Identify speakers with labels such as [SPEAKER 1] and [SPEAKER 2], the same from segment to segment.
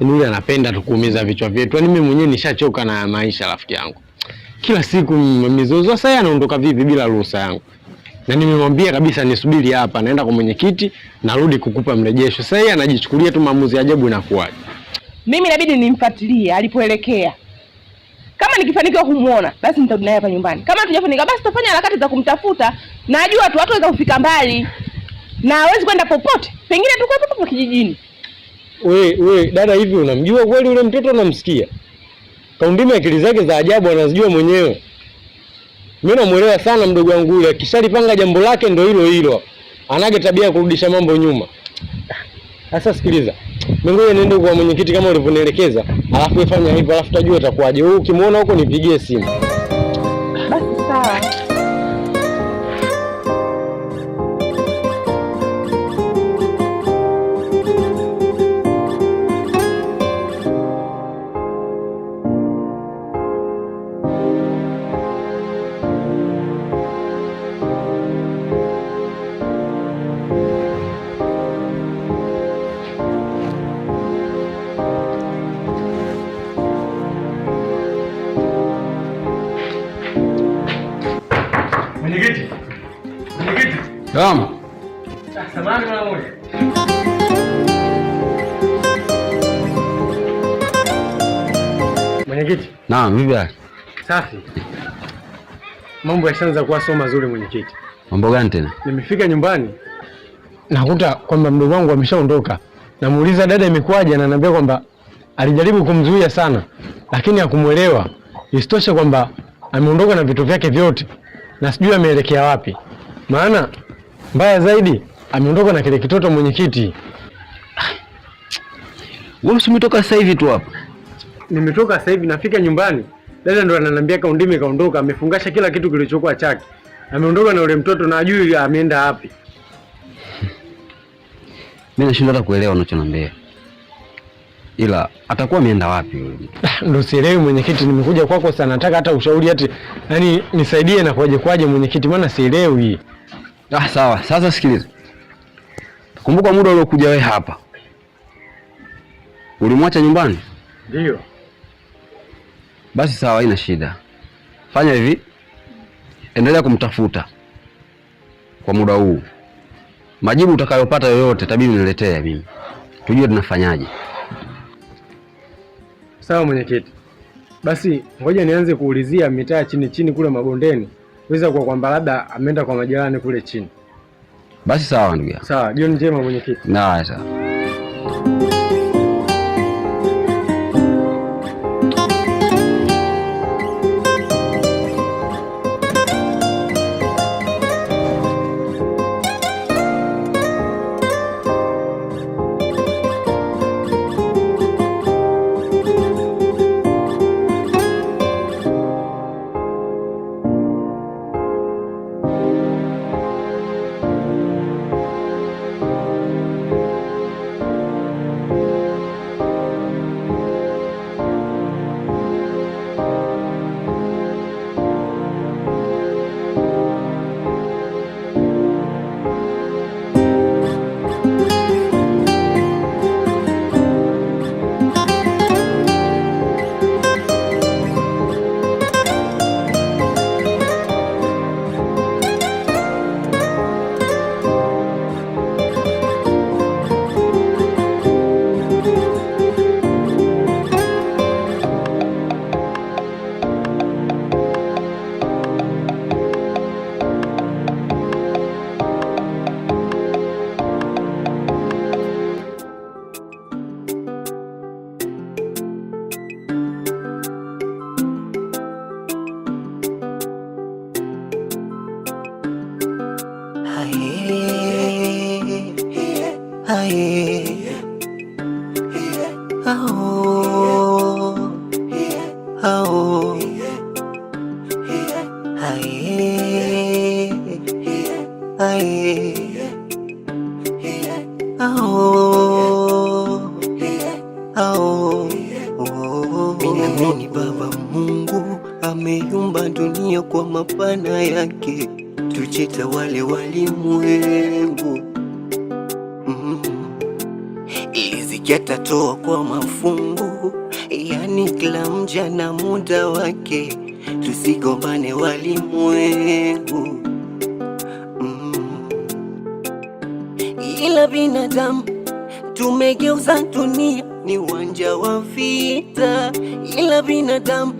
[SPEAKER 1] yule yaani anapenda tu kuumiza vichwa vyetu. Yaani mimi mwenyewe nishachoka na maisha, rafiki yangu. Kila siku mizozo. Sasa yeye anaondoka vipi bila ruhusa yangu? Na yaani nimemwambia kabisa nisubiri hapa, naenda kwa mwenyekiti, narudi kukupa mrejesho. Sasa yeye anajichukulia tu maamuzi ajabu. Inakuwaje?
[SPEAKER 2] Mimi inabidi nimfuatilie alipoelekea. Kama nikifanikiwa kumuona, basi nitarudi naye hapa nyumbani. Kama hatujafanikiwa, basi tutafanya harakati za kumtafuta. Najua tu watu waweza kufika mbali na hawezi kwenda popote, pengine tuko hapa kijijini
[SPEAKER 1] we, we dada, hivi unamjua kweli yule mtoto? Unamsikia Kaundime, akili zake za ajabu anazijua mwenyewe. Mimi namuelewa sana mdogo wangu yule, akishalipanga jambo lake ndo hilo hilo, anage tabia ya kurudisha mambo nyuma. Sasa sikiliza, mimi niende kwa mwenyekiti kama ulivyonielekeza, alafu ifanya hivyo, alafu tajua utakuwaje. Wewe ukimwona huko nipigie simu. Basi sawa. Salamu. Mwenyekiti. Naam, vipi Safi. Mambo yashaanza kuwa sio mazuri mwenyekiti.
[SPEAKER 3] Mambo gani tena?
[SPEAKER 1] Nimefika nyumbani nakuta kwamba mdogo wangu ameshaondoka. Namuuliza dada, imekuwaje? Ananiambia kwamba alijaribu kumzuia sana, lakini hakumuelewa. Isitoshe kwamba ameondoka na vitu vyake vyote na sijui ameelekea wapi, maana Mbaya zaidi ameondoka na kile kitoto mwenyekiti.
[SPEAKER 3] Wewe umetoka sasa hivi tu hapa?
[SPEAKER 1] Nimetoka sasa hivi, nafika nyumbani dada ndo ananiambia kaundime kaondoka, amefungasha kila kitu kilichokuwa chake, ameondoka na yule mtoto na ajui ameenda wapi.
[SPEAKER 3] Mimi nashindwa hata kuelewa unachonambia. ila atakuwa ameenda wapi yule
[SPEAKER 1] mtu? Ah, Ndio sielewi mwenyekiti, nimekuja kwako sana, nataka hata ushauri, hati yaani nisaidie na kwaje kwaje mwenyekiti, maana sielewi.
[SPEAKER 3] Ah, sawa. Sasa sikiliza. Kumbuka muda uliokuja wewe hapa. Ulimwacha nyumbani? Ndio. Basi sawa, haina shida. Fanya hivi. Endelea kumtafuta kwa muda huu. Majibu utakayopata yoyote tabii niletee mimi. Tujue tunafanyaje.
[SPEAKER 1] Sawa mwenyekiti. Basi ngoja nianze kuulizia mitaa chini chini kule mabondeni. Weza kwa kwamba labda ameenda kwa majirani kule chini.
[SPEAKER 3] Basi sawa ndugu.
[SPEAKER 1] Sawa, jioni njema mwenyekiti.
[SPEAKER 3] Sawa.
[SPEAKER 4] yatatoa kwa mafungu, yani kila mja na muda wake. Tusigombane walimwengu, mm. Ila binadamu tumegeuza dunia ni uwanja wa vita, ila binadamu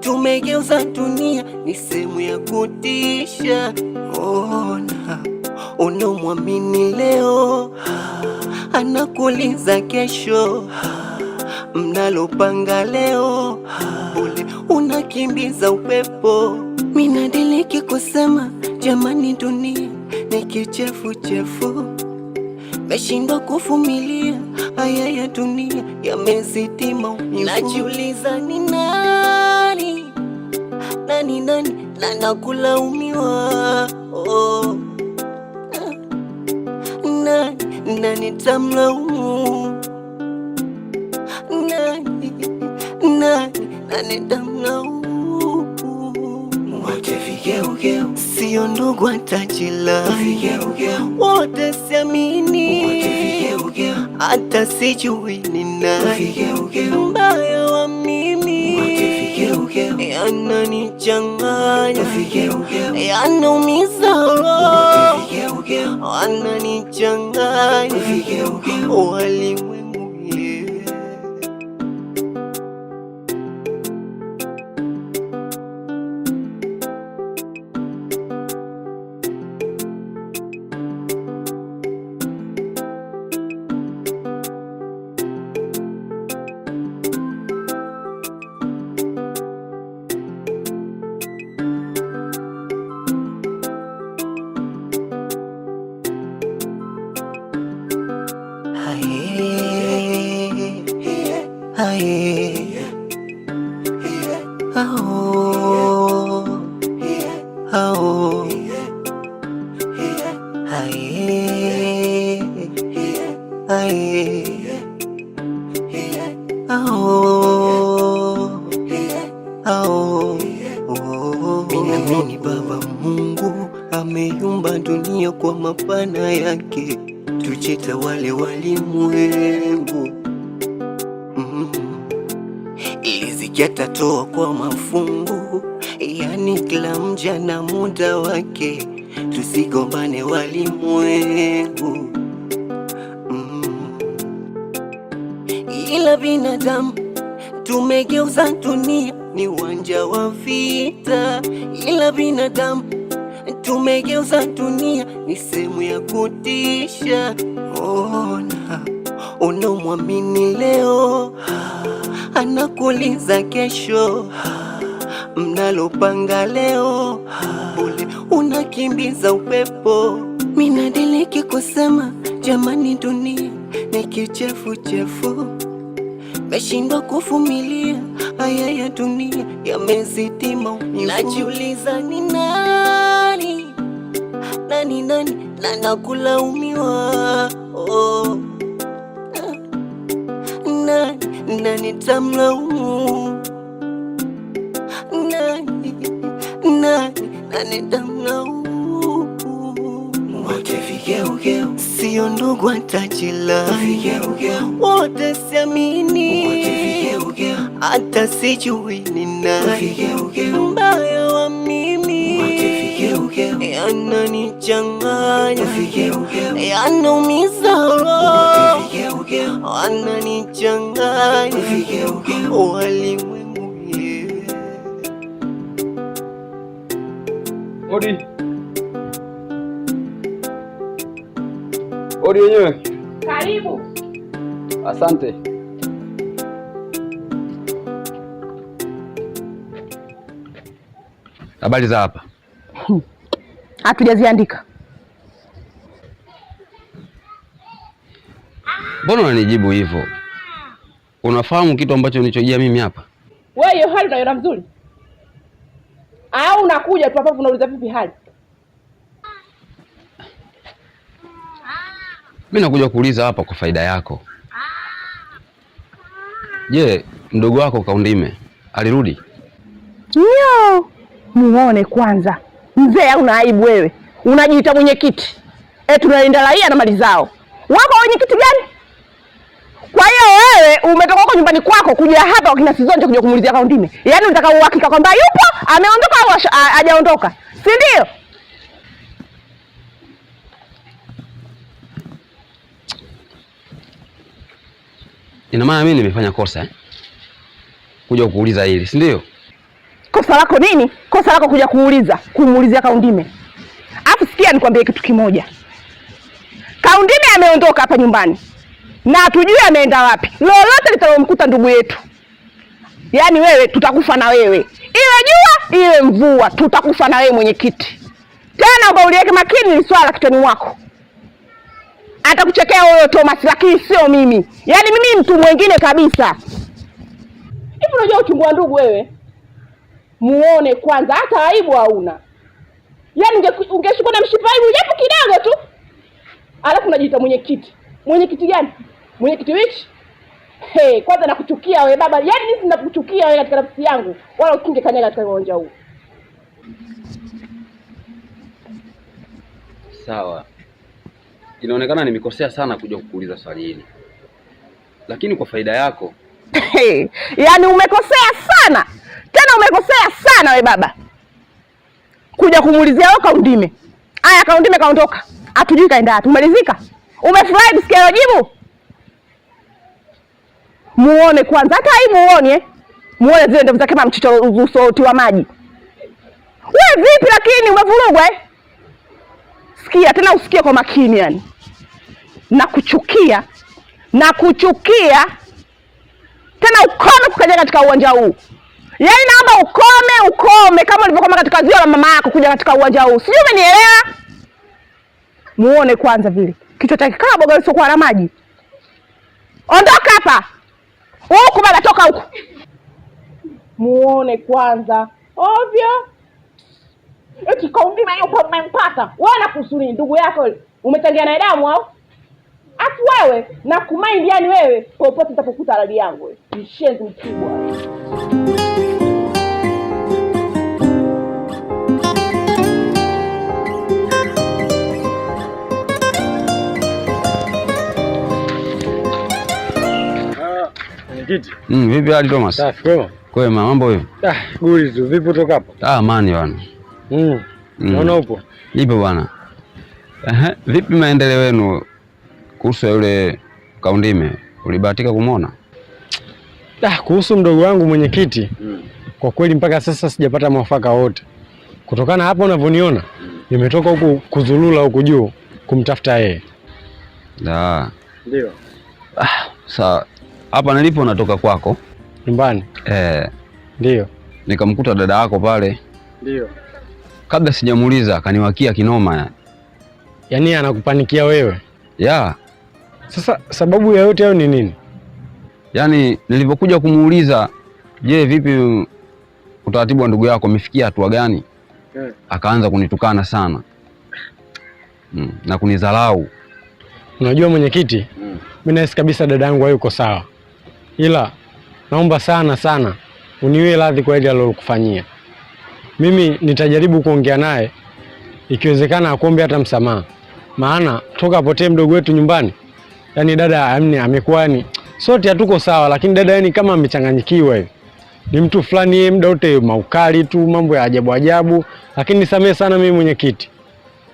[SPEAKER 4] tumegeuza dunia ni sehemu ya kutisha. Ona unaomwamini leo anakuuliza kesho, mnalopanga leo ule unakimbiza upepo. Minadiliki kusema jamani, dunia ni kichefuchefu, meshindwa kuvumilia haya ya dunia, yamezitima maumivu. Najiuliza ni nani nani nani nanakulaumiwa na nitamlaumu nani, nani na nitamlaumu. Wote vigeugeu, sio ndugu atajila jirani, wote siamini hata sijui ni nani mbaya wa mimi, yananichanganya yanaumiza roho wananichanganya walimwe amor. Tumegeuza dunia
[SPEAKER 3] ni uwanja wa vita, ila binadamu tumegeuza dunia ni sehemu ya kutisha. Ona unamwamini leo, anakuuliza kesho. Mnalopanga leo ule unakimbiza upepo. Minadiliki kusema jamani, dunia ni kichefuchefu meshindwa kufumilia haya ya dunia yamezitima maumivu. Najiuliza ni nani nani nani na nakulaumiwa Nani nani tamlaumu nani nani nani tamlaumu? Wote vigeugeu, sio ndugu atajila wote siamini hata sijui nina mbaya wa mimi, yananichanganya, yanaumiza roho, wananichanganya walimwengu. Odi wenyewe, karibu. Asante. Habari za hapa hmm.
[SPEAKER 2] hatujaziandika.
[SPEAKER 3] Mbona unanijibu hivyo? Unafahamu kitu ambacho nilichojia mimi hapa?
[SPEAKER 2] Wewe hiyo hali unaiona mzuri au unakuja tu hapa unauliza vipi hali?
[SPEAKER 3] Mimi nakuja kuuliza hapa kwa faida yako. Je, mdogo wako Kaundime alirudi?
[SPEAKER 2] Ndio muone kwanza. Mzee, una aibu wewe, unajiita mwenyekiti eh, tunalinda raia na mali zao. Wako wenyekiti gani? Kwa hiyo wewe umetoka huko nyumbani kwako kuja hapa kwa sizonje Sizonja kuja kumulizia Kaundime, yaani unataka uhakika kwamba yupo ameondoka au hajaondoka, si ndio?
[SPEAKER 3] Ina maana mimi nimefanya kosa eh? kuja kukuuliza hili si ndio?
[SPEAKER 2] kosa lako nini? Kosa lako kuja kuuliza kumuulizia Kaundime. Alafu sikia nikwambie kitu kimoja, Kaundime ameondoka hapa nyumbani na hatujui ameenda wapi. Lolote litalomkuta ndugu yetu, yaani wewe, tutakufa na wewe, iwe jua iwe mvua, tutakufa na wewe mwenyekiti. Tena uliweke makini ni swala kichwani mwako. Atakuchekea wewe Thomas, lakini sio mimi. Yaani mimi mtu mwingine kabisa. Hivi unajua uchungu wa ndugu wewe? muone kwanza, hata aibu hauna. Yaani ungeshukua na mshipa aibu japo kidogo tu, alafu unajiita mwenyekiti. Mwenyekiti gani? Mwenyekiti wichi Hey, kwanza nakuchukia wewe baba, yaani mimi nakuchukia wewe katika nafsi yangu, wala usinge kanyaga katika uwanja huu.
[SPEAKER 3] Sawa, inaonekana nimekosea sana kuja kukuuliza swali hili, lakini kwa faida yako.
[SPEAKER 2] Yaani umekosea sana tena, umekosea sana we baba kuja kumuulizia wewe kaundime. Aya, kaundime kaondoka, hatujui kaenda wapi. Umalizika? Umefurahi kusikia jibu? Muone kwanza, hata hii muone, eh. muone zile ndevu zake mamchicho usoti wa maji. We vipi lakini, umevurugwa eh? Sikia tena, usikie kwa makini yani. na kuchukia na kuchukia tena, ukono kukaja katika uwanja huu. Yaani naomba ukome, ukome kama ulivyokoma katika zio la mama yako kuja katika uwanja huu, sijui umenielewa? Muone kwanza vile kichwa chake kama boga lisiokuwa na maji. Ondoka hapa huku baba, toka huku, muone kwanza ovyo. Eti kaundima hiyo kwa mmempata wewe na kusuri ndugu yako umetangia na damu au? Afu wewe na kumaindi yani wewe popote utapokuta radi yangu. Mshenzi mkubwa.
[SPEAKER 1] Mwenyekiti.
[SPEAKER 3] Mm, vipi hali Thomas? Safi kwema. Kwema, mambo vipi?
[SPEAKER 1] Ah, guri tu. Vipi kutoka hapo?
[SPEAKER 3] Ah, amani bwana.
[SPEAKER 1] Mm. mm. Unaona mm. upo.
[SPEAKER 3] Nipo bwana. Eh, vipi maendeleo yenu kuhusu yule Kaundime? Ulibahatika kumwona?
[SPEAKER 1] Ah, kuhusu mdogo wangu mwenyekiti. Mm. Kwa kweli mpaka sasa sijapata mwafaka wote. Kutokana hapo unavyoniona, nimetoka huku kuzulula huku juu kumtafuta yeye. Ah. Ndio.
[SPEAKER 3] Ah, sawa hapa nilipo natoka kwako nyumbani eh? Ndio. Nikamkuta dada yako pale. Ndio. Kabla sijamuuliza akaniwakia kinoma ya.
[SPEAKER 1] Yaani anakupanikia wewe ya. Sasa sababu ya yote hayo ni nini?
[SPEAKER 3] Yaani nilipokuja kumuuliza, je, vipi utaratibu wa ndugu yako umefikia hatua gani? Okay. Eh. Akaanza kunitukana sana mm, na kunidharau.
[SPEAKER 1] Unajua mwenyekiti, mimi mm, nahisi kabisa dada yangu hayuko sawa ila naomba sana sana uniwe radhi kwa ile alilokufanyia. Mimi nitajaribu kuongea naye, ikiwezekana akuombe hata msamaha, maana toka apotee mdogo wetu nyumbani, yani dada amne amekuwa yani sote hatuko sawa, lakini dada yani kama amechanganyikiwa hivi ni mtu fulani yeye, muda wote maukali tu, mambo ya ajabu ajabu. Lakini nisamehe sana mimi mwenyekiti,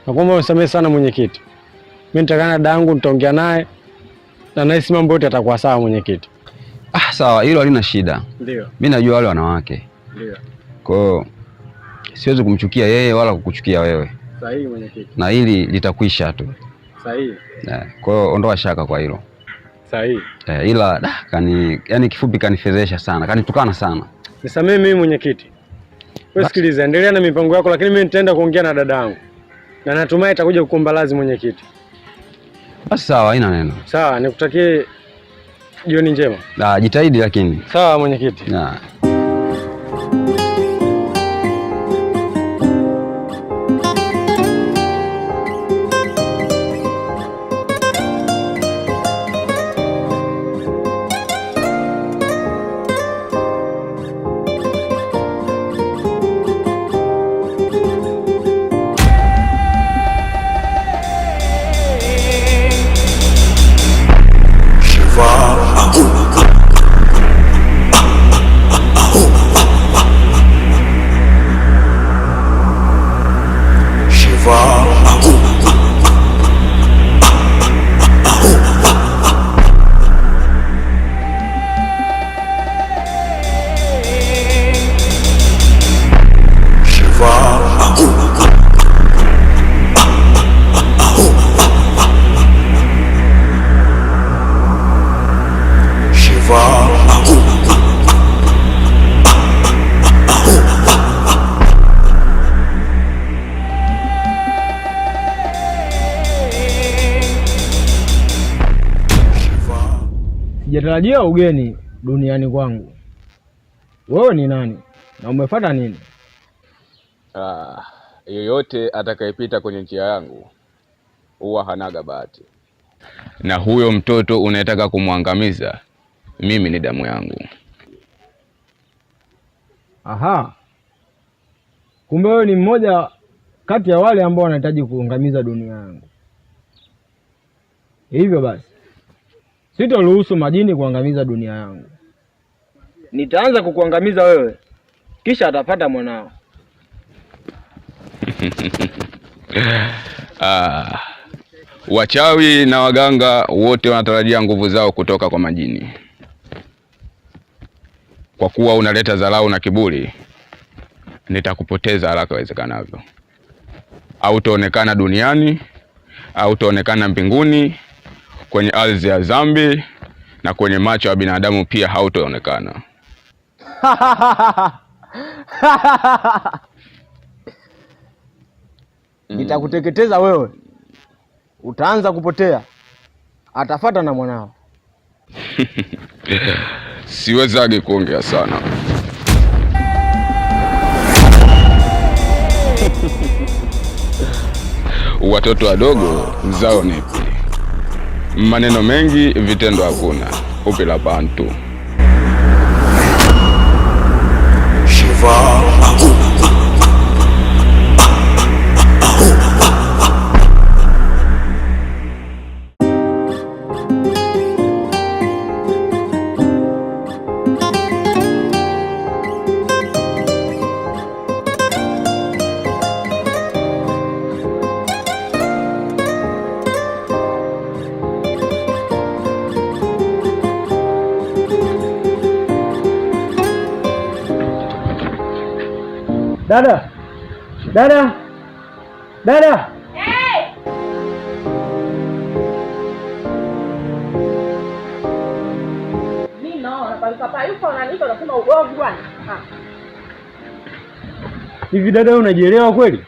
[SPEAKER 1] nakuomba unisamehe sana mwenyekiti. Mimi nitakana dada yangu, nitaongea naye na nahisi mambo yote atakuwa sawa mwenyekiti.
[SPEAKER 3] Ah, sawa hilo halina shida. Ndio. Mimi najua wale wanawake. Ndio. Kwa hiyo siwezi kumchukia yeye wala kukuchukia wewe.
[SPEAKER 1] Sahihi mwenyekiti.
[SPEAKER 3] Na hili litakwisha tu. Sahihi. Yeah. Kwa hiyo ondoa shaka kwa hilo. Sahihi. Yeah, ila da, kani yani kifupi kanifedhesha sana, kanitukana sana.
[SPEAKER 1] Nisamee mimi mwenyekiti. Wewe sikiliza, endelea na mipango yako lakini mimi nitaenda kuongea na dadangu. Na natumai itakuja kukumbalazi mwenyekiti.
[SPEAKER 3] Basi sawa, haina neno.
[SPEAKER 1] Sawa, nikutakie Jioni njema.
[SPEAKER 3] jitahidi lakini.
[SPEAKER 1] Sawa mwenyekiti. Sijatarajia ugeni duniani kwangu. Wewe ni nani na umefuata nini?
[SPEAKER 3] Ah, yoyote atakayepita kwenye njia yangu huwa hanaga bahati, na huyo mtoto unayetaka kumwangamiza mimi ni damu yangu.
[SPEAKER 1] Aha, kumbe wewe ni mmoja kati ya wale ambao wanahitaji kuangamiza dunia yangu. Hivyo basi Sitoruhusu majini kuangamiza dunia yangu. Nitaanza kukuangamiza wewe, kisha atapata mwanao.
[SPEAKER 3] Ah, wachawi na waganga wote wanatarajia nguvu zao kutoka kwa majini. Kwa kuwa unaleta dharau na kiburi, nitakupoteza haraka iwezekanavyo. Hautaonekana duniani, au hautaonekana mbinguni kwenye ardhi ya dhambi na kwenye macho ya binadamu pia hautaonekana.
[SPEAKER 1] Nitakuteketeza wewe, utaanza kupotea, atafata na mwanao.
[SPEAKER 3] siwezage kuongea sana. Watoto wadogo zao ni Maneno mengi, vitendo hakuna. Upi la bantu Shiva
[SPEAKER 1] Dada, dada, dada, ah. Hivi dada, unajielewa kweli?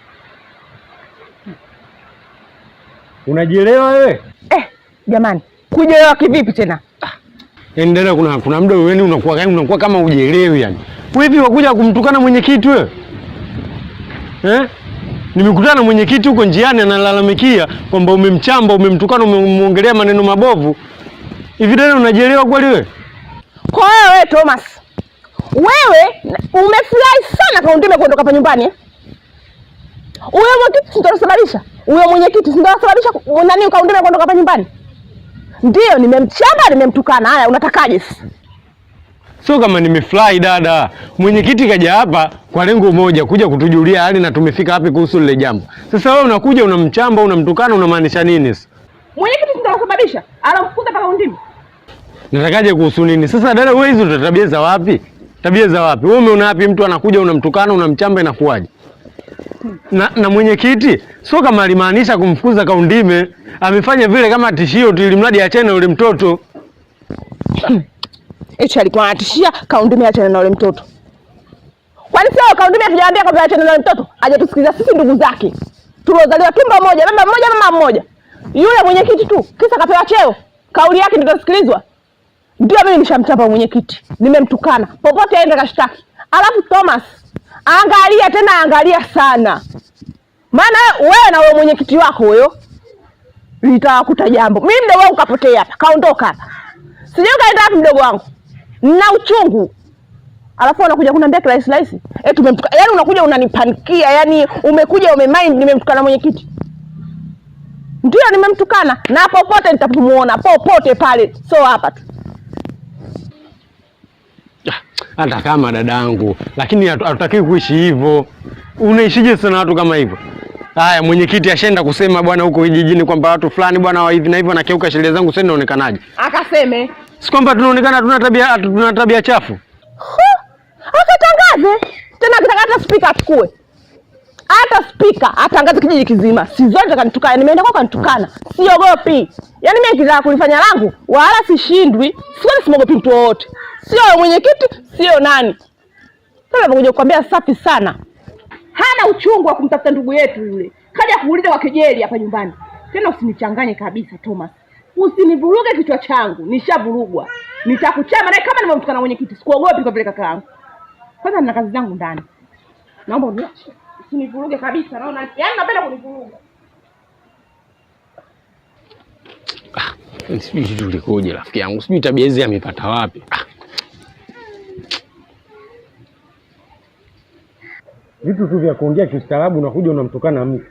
[SPEAKER 1] Unajielewa wewe?
[SPEAKER 2] Eh, jamani, kujielewa kivipi tena? Ah.
[SPEAKER 1] Yaani dada, kuna kuna muda wewe yaani unakuwa kama unakuwa kama ujielewi yani. Hivi wakuja kumtukana mwenyekiti wewe? eh? Nimekutana na mwenyekiti huko njiani analalamikia kwamba umemchamba, umemtukana, umemwongelea maneno mabovu. Hivi tena unajielewa kweli wewe?
[SPEAKER 2] Kwa hiyo wewe Thomas, wewe umefurahi sana kwa undime kuondoka hapa nyumbani. Huyo mwenyekiti ndio anasababisha. Huyo mwenyekiti ndio anasababisha nani ukaondoka kuondoka hapa nyumbani? Ndio nimemchamba, nimemtukana. Haya, unatakaje sasa?
[SPEAKER 1] Sio kama nimefly dada. Mwenyekiti kaja hapa kwa lengo moja, kuja kutujulia hali na tumefika wapi kuhusu lile jambo. Sasa wewe unakuja unamchamba, unamtukana, unamaanisha nini? Sasa
[SPEAKER 2] mwenyekiti ndio nitakusababisha anakukuta mpaka undimi.
[SPEAKER 1] Natakaje kuhusu nini? Sasa dada, wewe hizo tabia za wapi? Tabia za wapi? Wewe umeona wapi mtu anakuja unamtukana, unamchamba, inakuwaje? Na, na mwenyekiti sio kama alimaanisha kumfukuza kaundime, amefanya vile kama tishio tu, ili mradi achane na yule mtoto
[SPEAKER 2] Eti alikuwa anatishia kaundumia achana na yule mtoto. Kwani sio kaundumia tujaambia kwamba achana na yule mtoto? Aje tusikiza sisi ndugu zake. Tuliozaliwa kimba moja, baba mmoja, mama mmoja. Yule mwenyekiti tu, kisa kapewa cheo. Kauli yake ndio tusikilizwa. Ndio mimi nishamchapa mwenyekiti. Nimemtukana. Popote aende kashtaki. Alafu Thomas, angalia tena angalia sana. Maana wewe na wewe mwenyekiti wako huyo litawakuta jambo. Mimi mdogo wangu kapotea hapa, kaondoka hapa. Sijui kaenda wapi mdogo wangu na uchungu alafu unakuja kuniambia kirahisi rahisi eh, tumemtuka. Yani unakuja unanipanikia, yani umekuja umemind nimemtukana mwenyekiti. Ndio nimemtukana, na popote nitamuona popote pale, so hapa tu
[SPEAKER 1] ah, hata kama dadangu, lakini hatutaki kuishi hivyo. Unaishije sana watu kama hivyo? Haya, mwenyekiti ashaenda kusema bwana huko vijijini kwamba watu fulani bwana wa hivi na hivyo anakiuka sheria zangu, sasa inaonekanaje?
[SPEAKER 2] Akaseme
[SPEAKER 1] si kwamba tunaonekana tuna tabia tuna tabia chafu.
[SPEAKER 2] Akatangaze tena, akitaka hata spika achukue, hata spika atangaze kijiji kizima, si zote kanitukana. Nimeenda kwa kanitukana, siogopi. Yaani mimi kizaa kulifanya langu wala sishindwi, sioni, simogopi mtu wowote, sio mwenyekiti, sio nani. Sasa nakuja kukwambia safi sana, hana uchungu wa kumtafuta ndugu yetu yule, kaja kuuliza wa kejeli hapa nyumbani. Tena usinichanganye kabisa Thomas. Usinivuruge kichwa changu, nishavurugwa, nitakuchama naye kama mwenye mwenyekiti. Sikuogopi kwa vile kaka yangu. Kwanza nina kazi zangu ndani, naomba uniache, usinivuruge kabisa. Naona yaani napenda kunivuruga.
[SPEAKER 1] Ah, sijui kitu rafiki yangu, sijui tabia hizi amepata wapi? Ah. Vitu tu vya kuongea kiustaarabu, unakuja unamtukana mtu